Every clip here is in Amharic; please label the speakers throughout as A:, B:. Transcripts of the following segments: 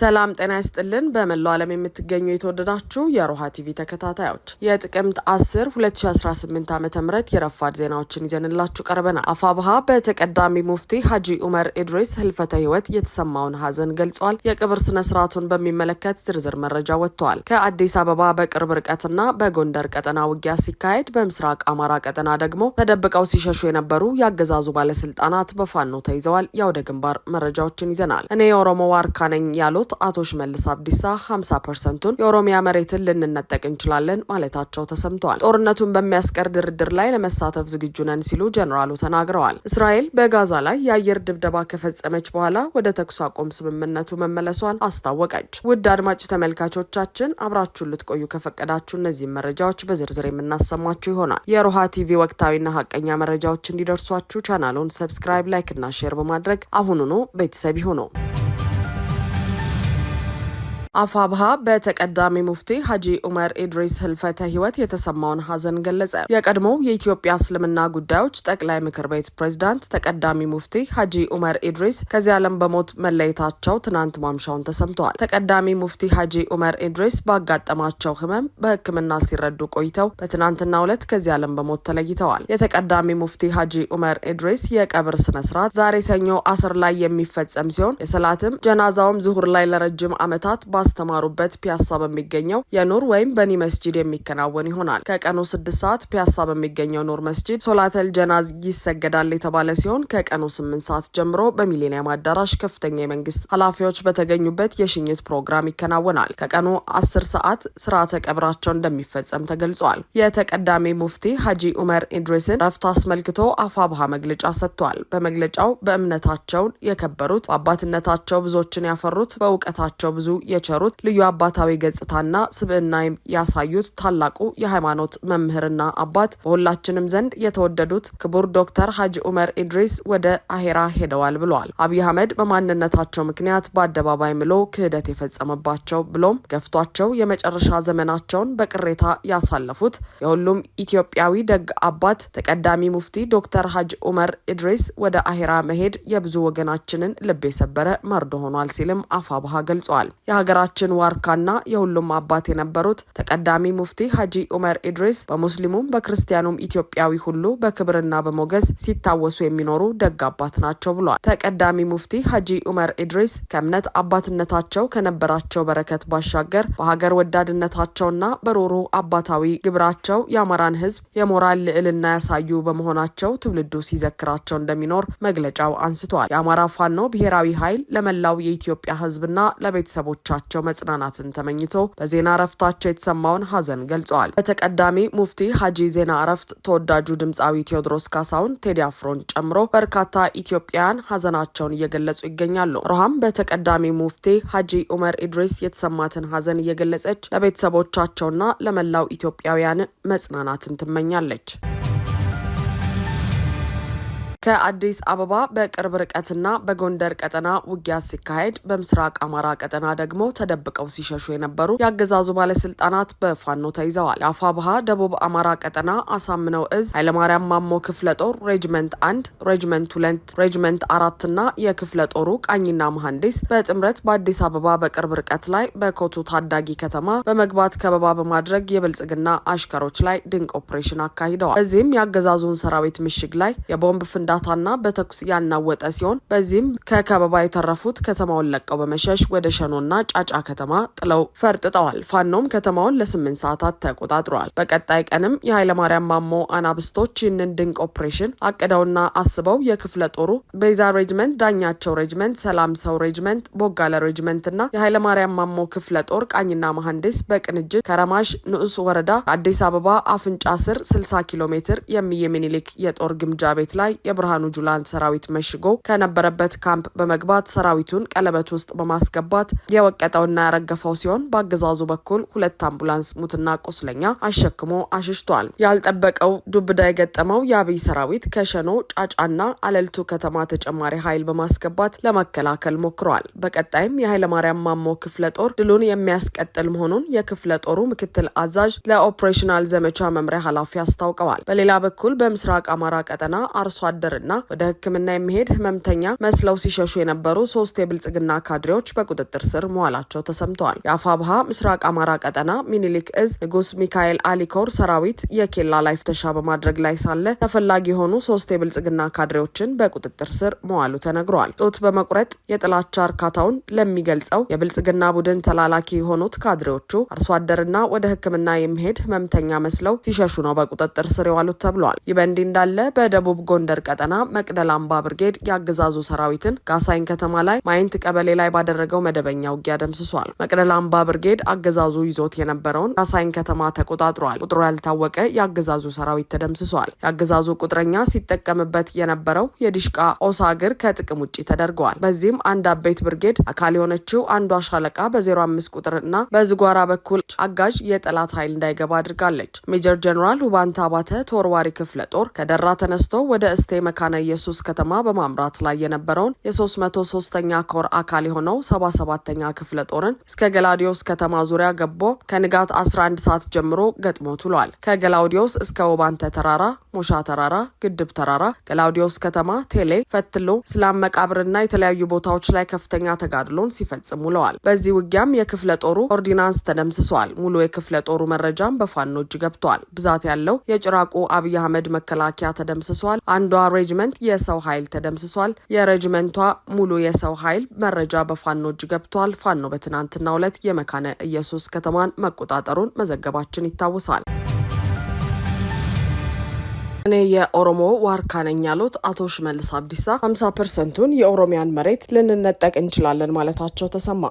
A: ሰላም ጤና ይስጥልን። በመላው ዓለም የምትገኙ የተወደዳችሁ የሮሃ ቲቪ ተከታታዮች የጥቅምት 10 2018 ዓ ም የረፋድ ዜናዎችን ይዘንላችሁ ቀርበናል። አፋብሃ በተቀዳሚ ሙፍቲ ሀጂ ኡመር ኢድሪስ ህልፈተ ህይወት የተሰማውን ሀዘን ገልጿል። የቅብር ስነ ስርዓቱን በሚመለከት ዝርዝር መረጃ ወጥተዋል። ከአዲስ አበባ በቅርብ ርቀትና በጎንደር ቀጠና ውጊያ ሲካሄድ፣ በምስራቅ አማራ ቀጠና ደግሞ ተደብቀው ሲሸሹ የነበሩ የአገዛዙ ባለስልጣናት በፋኖ ተይዘዋል። የአውደ ግንባር መረጃዎችን ይዘናል። እኔ የኦሮሞ ዋርካ ነኝ ያሉት የነበሩት አቶ ሽመልስ አብዲሳ 50 ፐርሰንቱን የኦሮሚያ መሬትን ልንነጠቅ እንችላለን ማለታቸው ተሰምተዋል። ጦርነቱን በሚያስቀር ድርድር ላይ ለመሳተፍ ዝግጁ ነን ሲሉ ጀኔራሉ ተናግረዋል። እስራኤል በጋዛ ላይ የአየር ድብደባ ከፈጸመች በኋላ ወደ ተኩስ አቁም ስምምነቱ መመለሷን አስታወቀች። ውድ አድማጭ ተመልካቾቻችን አብራችሁን ልትቆዩ ከፈቀዳችሁ እነዚህን መረጃዎች በዝርዝር የምናሰማችሁ ይሆናል። የሮሃ ቲቪ ወቅታዊና ሀቀኛ መረጃዎች እንዲደርሷችሁ ቻናሉን ሰብስክራይብ፣ ላይክ እና ሼር በማድረግ አሁኑኑ ቤተሰብ ይሁኑ። አፋብሃ በተቀዳሚ ሙፍቲ ሀጂ ኡመር ኢድሪስ ህልፈተ ህይወት የተሰማውን ሀዘን ገለጸ። የቀድሞው የኢትዮጵያ እስልምና ጉዳዮች ጠቅላይ ምክር ቤት ፕሬዝዳንት ተቀዳሚ ሙፍቲ ሀጂ ኡመር ኢድሪስ ከዚህ ዓለም በሞት መለየታቸው ትናንት ማምሻውን ተሰምተዋል። ተቀዳሚ ሙፍቲ ሀጂ ኡመር ኢድሪስ ባጋጠማቸው ህመም በህክምና ሲረዱ ቆይተው በትናንትናው ዕለት ከዚህ ዓለም በሞት ተለይተዋል። የተቀዳሚ ሙፍቲ ሀጂ ኡመር ኢድሪስ የቀብር ስነ ስርዓት ዛሬ ሰኞ አስር ላይ የሚፈጸም ሲሆን የሰላትም ጀናዛውም ዙሁር ላይ ለረጅም ዓመታት ባስተማሩበት ፒያሳ በሚገኘው የኑር ወይም በኒ መስጂድ የሚከናወን ይሆናል። ከቀኑ ስድስት ሰዓት ፒያሳ በሚገኘው ኑር መስጂድ ሶላተል ጀናዝ ይሰገዳል የተባለ ሲሆን ከቀኑ ስምንት ሰዓት ጀምሮ በሚሊኒየም አዳራሽ ከፍተኛ የመንግስት ኃላፊዎች በተገኙበት የሽኝት ፕሮግራም ይከናወናል። ከቀኑ አስር ሰዓት ስርዓተ ቀብራቸው እንደሚፈጸም ተገልጿል። የተቀዳሚ ሙፍቲ ሀጂ ኡመር ኢድሪስን ረፍት አስመልክቶ አፋብሃ መግለጫ ሰጥቷል። በመግለጫው በእምነታቸውን የከበሩት በአባትነታቸው ብዙዎችን ያፈሩት በእውቀታቸው ብዙ የቸ የሚሰሩት ልዩ አባታዊ ገጽታና ስብዕና ያሳዩት ታላቁ የሃይማኖት መምህርና አባት በሁላችንም ዘንድ የተወደዱት ክቡር ዶክተር ሀጂ ኡመር ኢድሪስ ወደ አሄራ ሄደዋል ብለዋል። አብይ አህመድ በማንነታቸው ምክንያት በአደባባይ ምሎ ክህደት የፈጸመባቸው ብሎም ገፍቷቸው የመጨረሻ ዘመናቸውን በቅሬታ ያሳለፉት የሁሉም ኢትዮጵያዊ ደግ አባት ተቀዳሚ ሙፍቲ ዶክተር ሀጂ ኡመር ኢድሪስ ወደ አሄራ መሄድ የብዙ ወገናችንን ልብ የሰበረ መርዶ ሆኗል ሲልም አፋብሃ ገልጿል። የሀገር የሀገራችን ዋርካና የሁሉም አባት የነበሩት ተቀዳሚ ሙፍቲ ሀጂ ኡመር ኢድሪስ በሙስሊሙም በክርስቲያኑም ኢትዮጵያዊ ሁሉ በክብርና በሞገስ ሲታወሱ የሚኖሩ ደግ አባት ናቸው ብሏል። ተቀዳሚ ሙፍቲ ሀጂ ኡመር ኢድሪስ ከእምነት አባትነታቸው ከነበራቸው በረከት ባሻገር በሀገር ወዳድነታቸውና በሮሮ አባታዊ ግብራቸው የአማራን ህዝብ የሞራል ልዕልና ያሳዩ በመሆናቸው ትውልዱ ሲዘክራቸው እንደሚኖር መግለጫው አንስቷል። የአማራ ፋኖ ብሔራዊ ኃይል ለመላው የኢትዮጵያ ህዝብና ለቤተሰቦቻቸው ነፍሳቸው መጽናናትን ተመኝቶ በዜና እረፍታቸው የተሰማውን ሀዘን ገልጸዋል። በተቀዳሚ ሙፍቲ ሀጂ ዜና እረፍት ተወዳጁ ድምፃዊ ቴዎድሮስ ካሳውን ቴዲ አፍሮን ጨምሮ በርካታ ኢትዮጵያውያን ሀዘናቸውን እየገለጹ ይገኛሉ። ሮሃም በተቀዳሚ ሙፍቲ ሀጂ ኡመር ኢድሪስ የተሰማትን ሀዘን እየገለጸች ለቤተሰቦቻቸውና ለመላው ኢትዮጵያውያን መጽናናትን ትመኛለች። ከአዲስ አበባ በቅርብ ርቀትና በጎንደር ቀጠና ውጊያ ሲካሄድ፣ በምስራቅ አማራ ቀጠና ደግሞ ተደብቀው ሲሸሹ የነበሩ የአገዛዙ ባለስልጣናት በፋኖ ተይዘዋል። ባሃ ደቡብ አማራ ቀጠና አሳምነው እዝ ኃይለማርያም ማሞ ክፍለ ጦር ሬጅመንት አንድ ሬጅመንት ሁለት ሬጅመንት አራት ና የክፍለ ጦሩ ቃኝና መሐንዲስ በጥምረት በአዲስ አበባ በቅርብ ርቀት ላይ በኮቱ ታዳጊ ከተማ በመግባት ከበባ በማድረግ የብልጽግና አሽከሮች ላይ ድንቅ ኦፕሬሽን አካሂደዋል። በዚህም የአገዛዙን ሰራዊት ምሽግ ላይ የቦምብ ፍንዳ በእርዳታና በተኩስ ያናወጠ ሲሆን በዚህም ከከበባ የተረፉት ከተማውን ለቀው በመሸሽ ወደ ሸኖና ጫጫ ከተማ ጥለው ፈርጥጠዋል። ፋኖም ከተማውን ለስምንት ሰዓታት ተቆጣጥረዋል። በቀጣይ ቀንም የኃይለማርያም ማሞ አናብስቶች ይህንን ድንቅ ኦፕሬሽን አቅደውና አስበው የክፍለ ጦሩ ቤዛ ሬጅመንት፣ ዳኛቸው ሬጅመንት፣ ሰላም ሰው ሬጅመንት፣ ቦጋለ ሬጅመንት የኃይለማርያም ማሞ ክፍለ ጦር ቃኝና መሐንዲስ በቅንጅት ከረማሽ ንዑስ ወረዳ አዲስ አበባ አፍንጫ ስር 60 ኪሎ ሜትር የሚየ ሚኒሊክ የጦር ግምጃ ቤት ላይ የብር ብርሃኑ ጁላን ሰራዊት መሽጎ ከነበረበት ካምፕ በመግባት ሰራዊቱን ቀለበት ውስጥ በማስገባት የወቀጠውና ያረገፈው ሲሆን በአገዛዙ በኩል ሁለት አምቡላንስ ሙትና ቁስለኛ አሸክሞ አሽሽቷል። ያልጠበቀው ዱብዳ የገጠመው የአብይ ሰራዊት ከሸኖ ጫጫና አለልቱ ከተማ ተጨማሪ ኃይል በማስገባት ለመከላከል ሞክረዋል። በቀጣይም የኃይለማርያም ማሞ ክፍለ ጦር ድሉን የሚያስቀጥል መሆኑን የክፍለ ጦሩ ምክትል አዛዥ ለኦፕሬሽናል ዘመቻ መምሪያ ኃላፊ አስታውቀዋል። በሌላ በኩል በምስራቅ አማራ ቀጠና አርሶ አደር እና ወደ ሕክምና የሚሄድ ህመምተኛ መስለው ሲሸሹ የነበሩ ሶስት የብልጽግና ካድሬዎች በቁጥጥር ስር መዋላቸው ተሰምተዋል። የአፋብሃ ምስራቅ አማራ ቀጠና ሚኒሊክ እዝ ንጉስ ሚካኤል አሊኮር ሰራዊት የኬላ ላይ ፍተሻ በማድረግ ላይ ሳለ ተፈላጊ የሆኑ ሶስት የብልጽግና ካድሬዎችን በቁጥጥር ስር መዋሉ ተነግሯል። ጡት በመቁረጥ የጥላቻ እርካታውን ለሚገልጸው የብልጽግና ቡድን ተላላኪ የሆኑት ካድሬዎቹ አርሶ አደርና ወደ ህክምና የሚሄድ ህመምተኛ መስለው ሲሸሹ ነው በቁጥጥር ስር የዋሉት ተብሏል። ይህ በእንዲህ እንዳለ በደቡብ ጎንደር ቀጠና ስልጠና መቅደል አምባ ብርጌድ የአገዛዙ ሰራዊትን ጋሳይን ከተማ ላይ ማይንት ቀበሌ ላይ ባደረገው መደበኛ ውጊያ ደምስሷል። መቅደል አምባ ብርጌድ አገዛዙ ይዞት የነበረውን ጋሳይን ከተማ ተቆጣጥሯል። ቁጥሩ ያልታወቀ የአገዛዙ ሰራዊት ተደምስሷል። የአገዛዙ ቁጥረኛ ሲጠቀምበት የነበረው የዲሽቃ ኦሳ እግር ከጥቅም ውጭ ተደርገዋል። በዚህም አንድ አበይት ብርጌድ አካል የሆነችው አንዷ ሻለቃ በ05 እና በዝጓራ በኩል አጋዥ የጠላት ኃይል እንዳይገባ አድርጋለች። ሜጀር ጀኔራል ውባንታ አባተ ተወርዋሪ ክፍለ ጦር ከደራ ተነስቶ ወደ እስቴ መካነ ኢየሱስ ከተማ በማምራት ላይ የነበረውን የ303ኛ ኮር አካል የሆነው 77ኛ ክፍለ ጦርን እስከ ገላውዲዮስ ከተማ ዙሪያ ገቦ ከንጋት 11 ሰዓት ጀምሮ ገጥሞ ውሏል። ከገላውዲዮስ እስከ ወባንተ ተራራ፣ ሞሻ ተራራ፣ ግድብ ተራራ፣ ገላውዲዮስ ከተማ፣ ቴሌ፣ ፈትሎ፣ ስላም መቃብርና የተለያዩ ቦታዎች ላይ ከፍተኛ ተጋድሎን ሲፈጽም ውለዋል። በዚህ ውጊያም የክፍለ ጦሩ ኦርዲናንስ ተደምስሷል። ሙሉ የክፍለ ጦሩ መረጃም በፋኖ እጅ ገብቷል። ብዛት ያለው የጭራቁ አብይ አህመድ መከላከያ ተደምስሷል። አንዷ ሬጅመንት የሰው ኃይል ተደምስሷል። የሬጅመንቷ ሙሉ የሰው ኃይል መረጃ በፋኖ እጅ ገብቷል። ፋኖ በትናንትናው ዕለት የመካነ ኢየሱስ ከተማን መቆጣጠሩን መዘገባችን ይታወሳል። እኔ የኦሮሞ ዋርካ ነኝ ያሉት አቶ ሽመልስ አብዲሳ ሀምሳ ፐርሰንቱን የኦሮሚያን መሬት ልንነጠቅ እንችላለን ማለታቸው ተሰማ።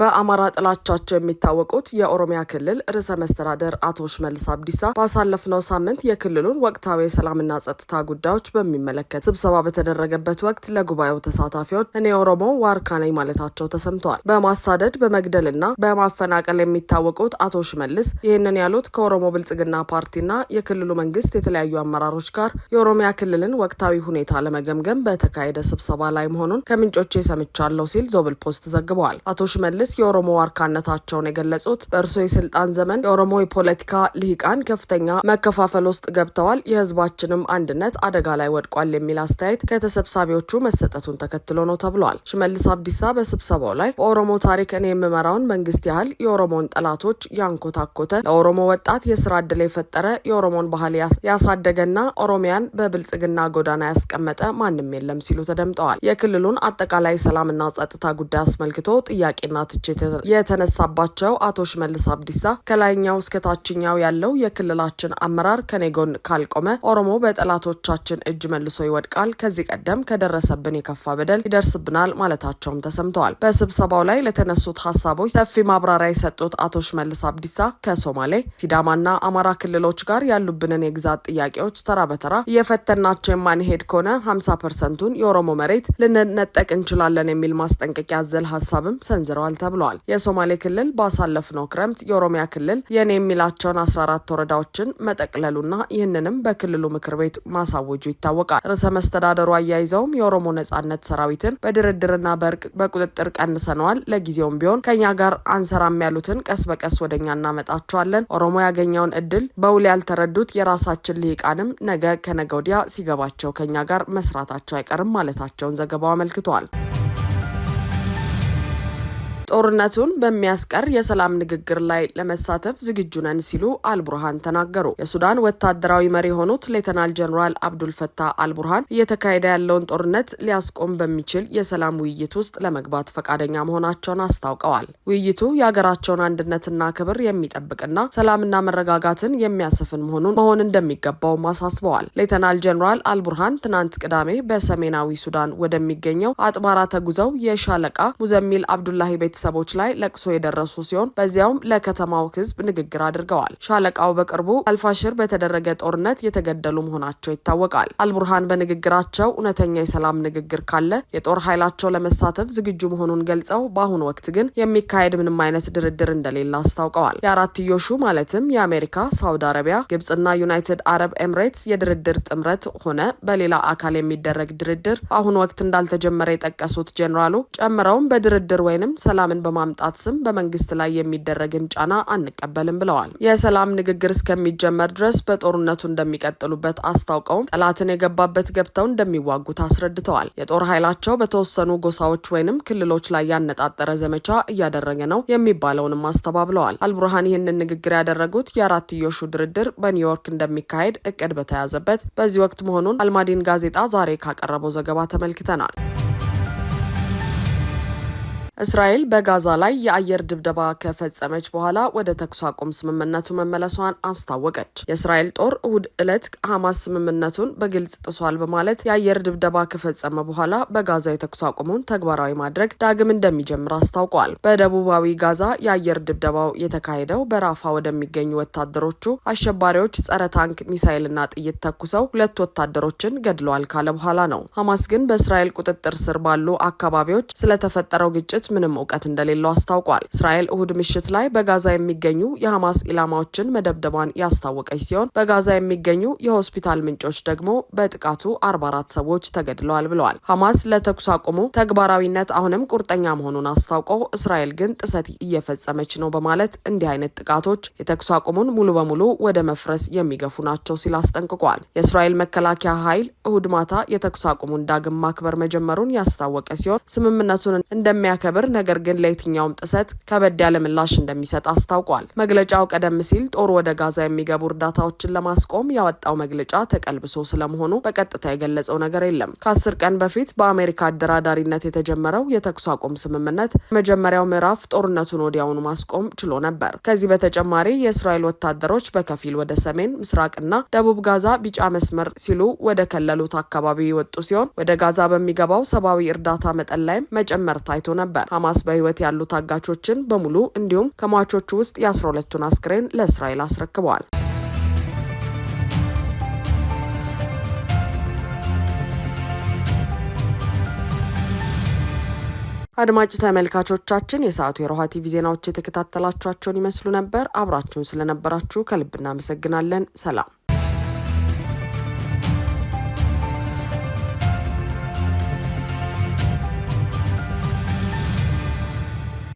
A: በአማራ ጥላቻቸው የሚታወቁት የኦሮሚያ ክልል ርዕሰ መስተዳደር አቶ ሽመልስ አብዲሳ ባሳለፍነው ሳምንት የክልሉን ወቅታዊ የሰላምና ጸጥታ ጉዳዮች በሚመለከት ስብሰባ በተደረገበት ወቅት ለጉባኤው ተሳታፊዎች እኔ የኦሮሞ ዋርካ ነኝ ማለታቸው ተሰምተዋል። በማሳደድ በመግደልና በማፈናቀል የሚታወቁት አቶ ሽመልስ ይህንን ያሉት ከኦሮሞ ብልጽግና ፓርቲና የክልሉ መንግስት የተለያዩ ከተለያዩ አመራሮች ጋር የኦሮሚያ ክልልን ወቅታዊ ሁኔታ ለመገምገም በተካሄደ ስብሰባ ላይ መሆኑን ከምንጮቼ ሰምቻለሁ ሲል ዞብል ፖስት ዘግበዋል። አቶ ሽመልስ የኦሮሞ ዋርካነታቸውን የገለጹት በእርሶ የስልጣን ዘመን የኦሮሞ የፖለቲካ ልሂቃን ከፍተኛ መከፋፈል ውስጥ ገብተዋል፣ የህዝባችንም አንድነት አደጋ ላይ ወድቋል የሚል አስተያየት ከተሰብሳቢዎቹ መሰጠቱን ተከትሎ ነው ተብሏል። ሽመልስ አብዲሳ በስብሰባው ላይ በኦሮሞ ታሪክ እኔ የምመራውን መንግስት ያህል የኦሮሞን ጠላቶች ያንኮታኮተ ለኦሮሞ ወጣት የስራ ዕድል የፈጠረ የኦሮሞን ባህል ያሳ ያሳደገና ኦሮሚያን በብልጽግና ጎዳና ያስቀመጠ ማንም የለም ሲሉ ተደምጠዋል። የክልሉን አጠቃላይ ሰላምና ጸጥታ ጉዳይ አስመልክቶ ጥያቄና ትችት የተነሳባቸው አቶ ሽመልስ አብዲሳ ከላይኛው እስከ ታችኛው ያለው የክልላችን አመራር ከኔ ጎን ካልቆመ ኦሮሞ በጠላቶቻችን እጅ መልሶ ይወድቃል፣ ከዚህ ቀደም ከደረሰብን የከፋ በደል ይደርስብናል ማለታቸውም ተሰምተዋል። በስብሰባው ላይ ለተነሱት ሀሳቦች ሰፊ ማብራሪያ የሰጡት አቶ ሽመልስ አብዲሳ ከሶማሌ ሲዳማና አማራ ክልሎች ጋር ያሉብንን የግዛት ጥያቄ ጥያቄዎች ተራ በተራ እየፈተናቸው የማንሄድ ከሆነ ሀምሳ ፐርሰንቱን የኦሮሞ መሬት ልንነጠቅ እንችላለን የሚል ማስጠንቀቂያ አዘል ሀሳብም ሰንዝረዋል ተብለዋል። የሶማሌ ክልል ባሳለፍነው ክረምት የኦሮሚያ ክልል የኔ የሚላቸውን አስራ አራት ወረዳዎችን መጠቅለሉና ይህንንም በክልሉ ምክር ቤት ማሳወጁ ይታወቃል። ርዕሰ መስተዳደሩ አያይዘውም የኦሮሞ ነጻነት ሰራዊትን በድርድርና በእርቅ በቁጥጥር ቀንሰነዋል፣ ለጊዜውም ቢሆን ከኛ ጋር አንሰራም ያሉትን ቀስ በቀስ ወደኛ እናመጣቸዋለን። ኦሮሞ ያገኘውን እድል በውል ያልተረዱት የራሳችን ልሂቃንም ነገ ከነገ ወዲያ ሲገባቸው ከኛ ጋር መስራታቸው አይቀርም ማለታቸውን ዘገባው አመልክቷል። ጦርነቱን በሚያስቀር የሰላም ንግግር ላይ ለመሳተፍ ዝግጁ ነን ሲሉ አልቡርሃን ተናገሩ። የሱዳን ወታደራዊ መሪ የሆኑት ሌተናል ጀኔራል አብዱልፈታ አልቡርሃን እየተካሄደ ያለውን ጦርነት ሊያስቆም በሚችል የሰላም ውይይት ውስጥ ለመግባት ፈቃደኛ መሆናቸውን አስታውቀዋል። ውይይቱ የሀገራቸውን አንድነትና ክብር የሚጠብቅና ሰላምና መረጋጋትን የሚያሰፍን መሆኑን መሆን እንደሚገባውም አሳስበዋል። ሌተናል ጀኔራል አልቡርሃን ትናንት ቅዳሜ በሰሜናዊ ሱዳን ወደሚገኘው አጥባራ ተጉዘው የሻለቃ ሙዘሚል አብዱላሂ ቤተሰብ ቤተሰቦች ላይ ለቅሶ የደረሱ ሲሆን በዚያውም ለከተማው ህዝብ ንግግር አድርገዋል። ሻለቃው በቅርቡ አልፋሽር በተደረገ ጦርነት የተገደሉ መሆናቸው ይታወቃል። አልቡርሃን በንግግራቸው እውነተኛ የሰላም ንግግር ካለ የጦር ኃይላቸው ለመሳተፍ ዝግጁ መሆኑን ገልጸው በአሁኑ ወቅት ግን የሚካሄድ ምንም አይነት ድርድር እንደሌለ አስታውቀዋል። የአራትዮሹ ማለትም የአሜሪካ፣ ሳውዲ አረቢያ፣ ግብጽና ዩናይትድ አረብ ኤምሬትስ የድርድር ጥምረት ሆነ በሌላ አካል የሚደረግ ድርድር በአሁኑ ወቅት እንዳልተጀመረ የጠቀሱት ጄኔራሉ ጨምረውም በድርድር ወይንም ሰላም ሰላምን በማምጣት ስም በመንግስት ላይ የሚደረግን ጫና አንቀበልም ብለዋል። የሰላም ንግግር እስከሚጀመር ድረስ በጦርነቱ እንደሚቀጥሉበት አስታውቀውም ጠላትን የገባበት ገብተው እንደሚዋጉት አስረድተዋል። የጦር ኃይላቸው በተወሰኑ ጎሳዎች ወይንም ክልሎች ላይ ያነጣጠረ ዘመቻ እያደረገ ነው የሚባለውንም አስተባብለዋል። አልቡርሃን ይህንን ንግግር ያደረጉት የአራትዮሹ ድርድር በኒውዮርክ እንደሚካሄድ እቅድ በተያዘበት በዚህ ወቅት መሆኑን አልማዲን ጋዜጣ ዛሬ ካቀረበው ዘገባ ተመልክተናል። እስራኤል በጋዛ ላይ የአየር ድብደባ ከፈጸመች በኋላ ወደ ተኩስ አቁም ስምምነቱ መመለሷን አስታወቀች። የእስራኤል ጦር እሁድ ዕለት ሐማስ ስምምነቱን በግልጽ ጥሷል በማለት የአየር ድብደባ ከፈጸመ በኋላ በጋዛ የተኩስ አቁሙን ተግባራዊ ማድረግ ዳግም እንደሚጀምር አስታውቋል። በደቡባዊ ጋዛ የአየር ድብደባው የተካሄደው በራፋ ወደሚገኙ ወታደሮቹ አሸባሪዎች ጸረ ታንክ ሚሳይልና ጥይት ተኩሰው ሁለት ወታደሮችን ገድለዋል ካለ በኋላ ነው። ሐማስ ግን በእስራኤል ቁጥጥር ስር ባሉ አካባቢዎች ስለተፈጠረው ግጭት ምንም እውቀት እንደሌለው አስታውቋል። እስራኤል እሁድ ምሽት ላይ በጋዛ የሚገኙ የሐማስ ኢላማዎችን መደብደቧን ያስታወቀች ሲሆን በጋዛ የሚገኙ የሆስፒታል ምንጮች ደግሞ በጥቃቱ 44 ሰዎች ተገድለዋል ብለዋል። ሐማስ ለተኩስ አቁሙ ተግባራዊነት አሁንም ቁርጠኛ መሆኑን አስታውቀው እስራኤል ግን ጥሰት እየፈጸመች ነው በማለት እንዲህ አይነት ጥቃቶች የተኩስ አቁሙን ሙሉ በሙሉ ወደ መፍረስ የሚገፉ ናቸው ሲል አስጠንቅቋል። የእስራኤል መከላከያ ኃይል እሁድ ማታ የተኩስ አቁሙን ዳግም ማክበር መጀመሩን ያስታወቀ ሲሆን ስምምነቱን እንደሚያከ እንደሚያከብር ነገር ግን ለየትኛውም ጥሰት ከበድ ያለ ምላሽ እንደሚሰጥ አስታውቋል። መግለጫው ቀደም ሲል ጦር ወደ ጋዛ የሚገቡ እርዳታዎችን ለማስቆም ያወጣው መግለጫ ተቀልብሶ ስለመሆኑ በቀጥታ የገለጸው ነገር የለም። ከአስር ቀን በፊት በአሜሪካ አደራዳሪነት የተጀመረው የተኩስ አቁም ስምምነት መጀመሪያው ምዕራፍ ጦርነቱን ወዲያውኑ ማስቆም ችሎ ነበር። ከዚህ በተጨማሪ የእስራኤል ወታደሮች በከፊል ወደ ሰሜን ምስራቅና ደቡብ ጋዛ ቢጫ መስመር ሲሉ ወደ ከለሉት አካባቢ የወጡ ሲሆን ወደ ጋዛ በሚገባው ሰብአዊ እርዳታ መጠን ላይም መጨመር ታይቶ ነበር። ይገኙበታል። ሐማስ በህይወት ያሉ ታጋቾችን በሙሉ እንዲሁም ከሟቾቹ ውስጥ የአስራ ሁለቱን አስክሬን ለእስራኤል አስረክበዋል። አድማጭ ተመልካቾቻችን የሰዓቱ የሮሃ ቲቪ ዜናዎች የተከታተላችኋቸውን ይመስሉ ነበር። አብራችሁን ስለነበራችሁ ከልብ እናመሰግናለን። ሰላም